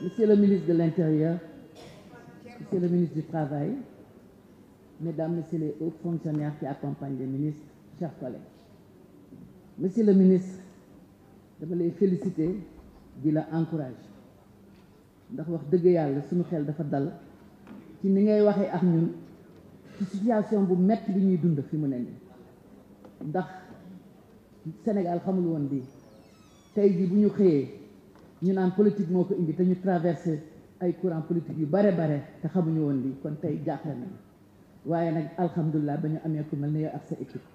Monsieur le ministre de l'Intérieur, Monsieur le ministre du Travail, Mesdames, Messieurs les hauts fonctionnaires qui accompagnent les ministres, chers collègues. Monsieur le ministre, je veux les féliciter, je les encourager. ndax wax dëgg yàlla suñu xel dafa dal ci ni ngay waxee ak ñun situation bu metti bi ñuy dund fi mu ne Sénégal xamul nous bi ñu naan politique moo ko indi te ñu traversé ay courant politique yu bare bare te xamuñu woon li kon tey jaaxle nañu waaye nag alhamdulilah ba ñu amee ku mel ni ak sa équipe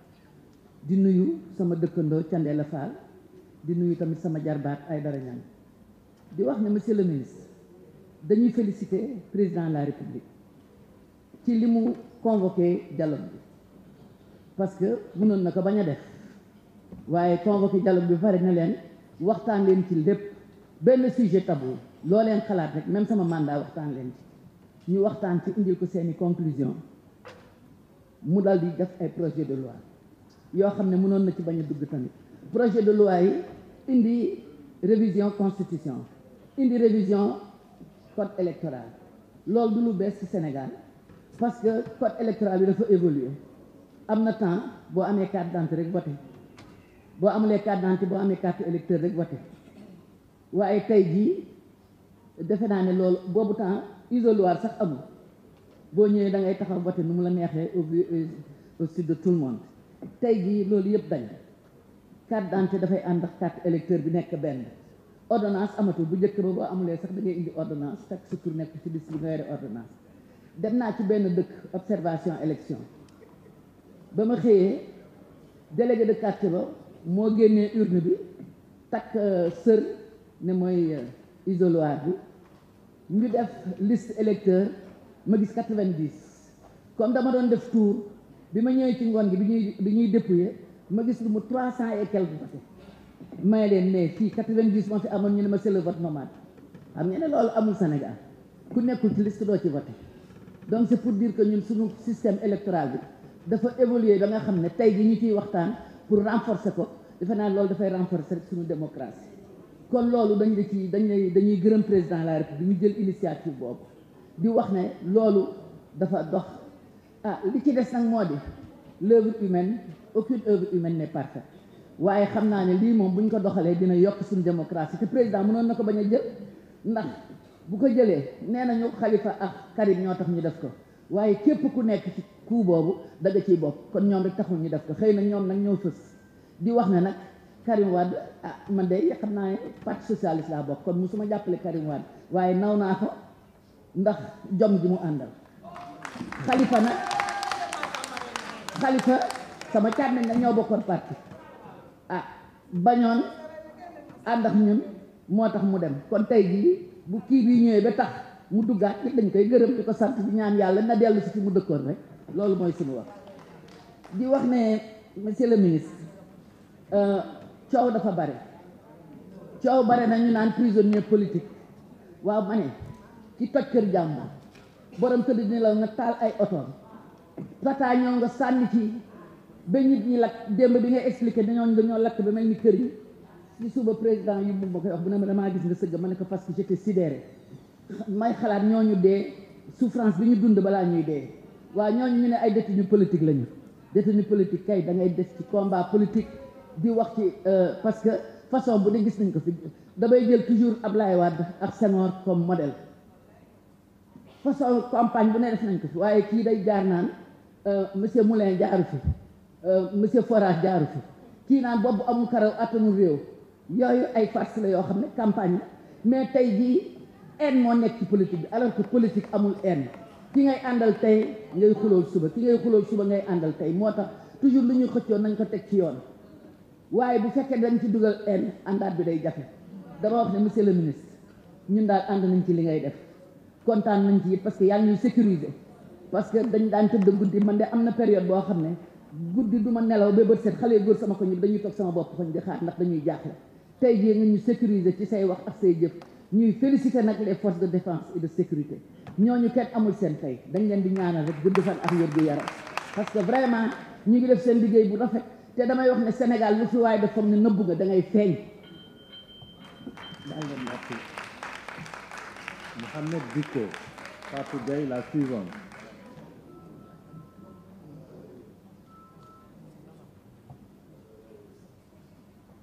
di nuyu sama dëkkandoo la Fall di nuyu tamit sama jarbaat ay dara ñaan di wax ne monsieur le ministre dañuy féliciter président de la république ci li mu convoqué dialogue bi parce que mënoon na ko bañ a def waaye convoqué dialogue bi pare na leen waxtaan leen ci lépp benn sujet tabou loo leen xalaat rek même sama mandat waxtan len ci ñu waxtan ci indil ko seeni conclusion mu dal di def ay projet de loi yo xam mënon na ci baña dugg tamit projet de loi yi indi révision constitution indi révision code électoral loolu du lu bees ci Sénégal parce que code électoral bi dafa évoluer amna temps bo amé carte d'identité rek voté boo amulee carte d'identité bo amé carte électeur rek voté waaye tey jii defe naa ne loolu boobu temps isoloir sax amul boo ñëwee da ngay taxaw voté nu mu la neexee euh, au sud de tout le monde tey jii loolu yëpp dañ carte d'identité dafay ànd ak carte électeur bi nekk benn ordonnance amatul bu njëkk ba boo amulee sax da ngay indi ordonnance chaque surtout nekk ci liste bi nga yore ordonnance dem naa ci benn dëkk observation élection ba ma xëyee délégué de quartier ba moo génnee urne bi takk euh, sër ne mooy euh, isoloir bi ñu def liste électeur ma gis quatre-vingt-dix comme dama doon def tour bi ma ñëwee ci ngoon gi bi ñuy bi ñuy dépouiller ma gis lu mu trois cent et quelque vote may leen ne fii quatre-vingt-dix moo fi amoon ñu ne ma c'est le vote nomade xam ngeen ne loolu amul Sénégal ku nekkul ci liste doo ci voté donc c'est pour dire que ñun suñu système électoral bi dafa évoluer ba nga xam ne tey ji ñu ciy waxtaan pour renforcer ko defe naa loolu dafay renforcer suñu démocratie kon loolu dañ la ci dañ dañuy gërëm président de la république ñu jël initiative boobu di wax ne loolu dafa dox ah li ci des nag moo di l'œuvre humaine aucune œuvre humaine ne parfaite waaye xam naa ne lii moom bu ñu ko doxalee dina yokk suñu démocratie te président mënoon na ko bañ a jël ndax bu ko jëlee nee nañu Khalifa ak Karim ñoo tax ñu def ko waaye képp ku nekk ci coup boobu da nga ciy bokk kon ñoom rek taxul ñu def ko xëy na ñoom nag ñoo fës di wax ne nag Karim wad ah, man day yakna parti socialiste la bok kon musuma jappale Karim wad waye nawna ko ndax jom ji mu andal khalifa na khalifa sama càmmiñ na ñoo bokkoon parti ah bañon andax ñun motax mu dem kon tay jii bu ki bi ñewé ba tax mu duggaat it dañ koy gërëm di ko sant di ñaan yalla na delu ci mu dekkor rek lolu moy suñu wax di wax ne monsieur le ministre euh coow dafa bare coow bare na ñu naan prisonnier politique waaw ma ne ki toj kër jàmbur borom tëdd nelaw nga taal ay oto fataa ñoo nga sànni ci ba nit ñi lakk démb bi ngay expliqué dañoo dañoo lakk ba may ni kër yi si suba président yi bug ma koy wax bu ne ma damaa gis nga sëgg ma ne ko parce que j'étais sidéré may xalaat ñu dee souffrance bi ñu dund balaa ñuy dee waaw ñoo ñu ne ay détenu politique lañu ñu politique kay da ngay des ci combat politique di wax ci euh, parce que façon bu ne gis nañ ko fi bay jël toujours Ablaye wad ak senor comme model façon campagne bu ne def nañ ko fi waye ki day jaar naan euh, monsieur Moulin jaaru fi euh, monsieur Forage jaar fi ki naan bobu amu karaw attanul rew yoyu ay farce la yo xamne campagne mais tay ji en mo nek ci politique alors que politique amul en ki ngay andal tay ngay xulol suba ki ngay xulol suba ngay andal tay motax toujours luñu ñuy nañ ko tek ci yoon waaye bu fekkee dañ ci dugal en àndaat bi day jafe dama wax ne monsieur le ministre ñun daal ànd nañ ci li ngay def kontaan nañ ci it parce que yaa ngi ñuy sécuriser parce que dañ daan tëdd guddi man de am na période boo xam ne guddi du ma nelaw ba bët set xale góor sama ko ñu dañuy toog sama bopp koñ di xaar ndax dañuy jaaxle tey jii nga ñu sécuriser ci say wax ak say jëf ñuy féliciter nag les forces de défense et de sécurité ñooñu kenn amul seen tey dañ leen di ñaanal rek gudd fan ak wér gu yaram parce que vraiment ñu ngi def seen liggéey bu rafet. te damay wax ne Sénégal lu fi waaye def foog ne nëbbu nga da ngay feeñ Mohamed Diko, Pape Gueye, la suivante.